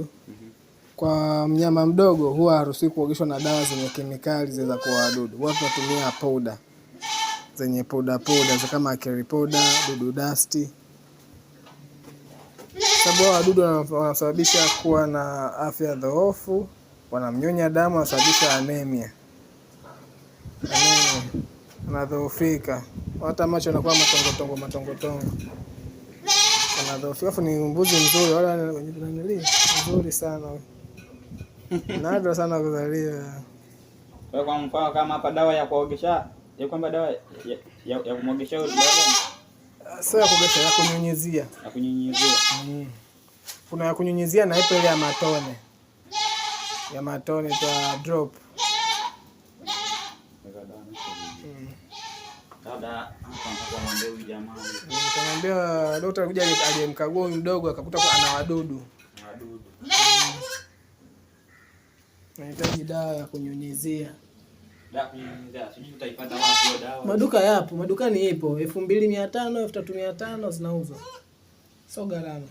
wadudu mm -hmm. Kwa mnyama mdogo huwa haruhusiwi kuogeshwa na dawa zenye kemikali zinaweza kuua wadudu. Watu tunatumia powder zenye powder powder za kama curry powder, dudu dust, sababu wadudu wanasababisha kuwa na afya dhoofu, wanamnyonya damu, wanasababisha anemia, anemia anadhoofika, hata macho anakuwa matongotongo matongotongo, anadhoofika. Afu ni mbuzi mzuri wala mzuri sana nadra sana kuzaliwa. Wewe kwa mfano kama hapa dawa ya kuogesha ya kwamba dawa ya, ya, ya kumwogesha sio ya kuogesha, ya kunyunyizia, ya kunyunyizia mm. Kuna ya kunyunyizia na ipo ile ya matone ya matone ta drop mm. nikamwambia dokta kuja aliyemkagua huyu mdogo akakuta ana wadudu wadudu. Nahitaji dawa ya kunyunyizia. Maduka yapo, madukani ipo elfu mbili mia tano elfu tatu mia tano zinauzwa, so gharama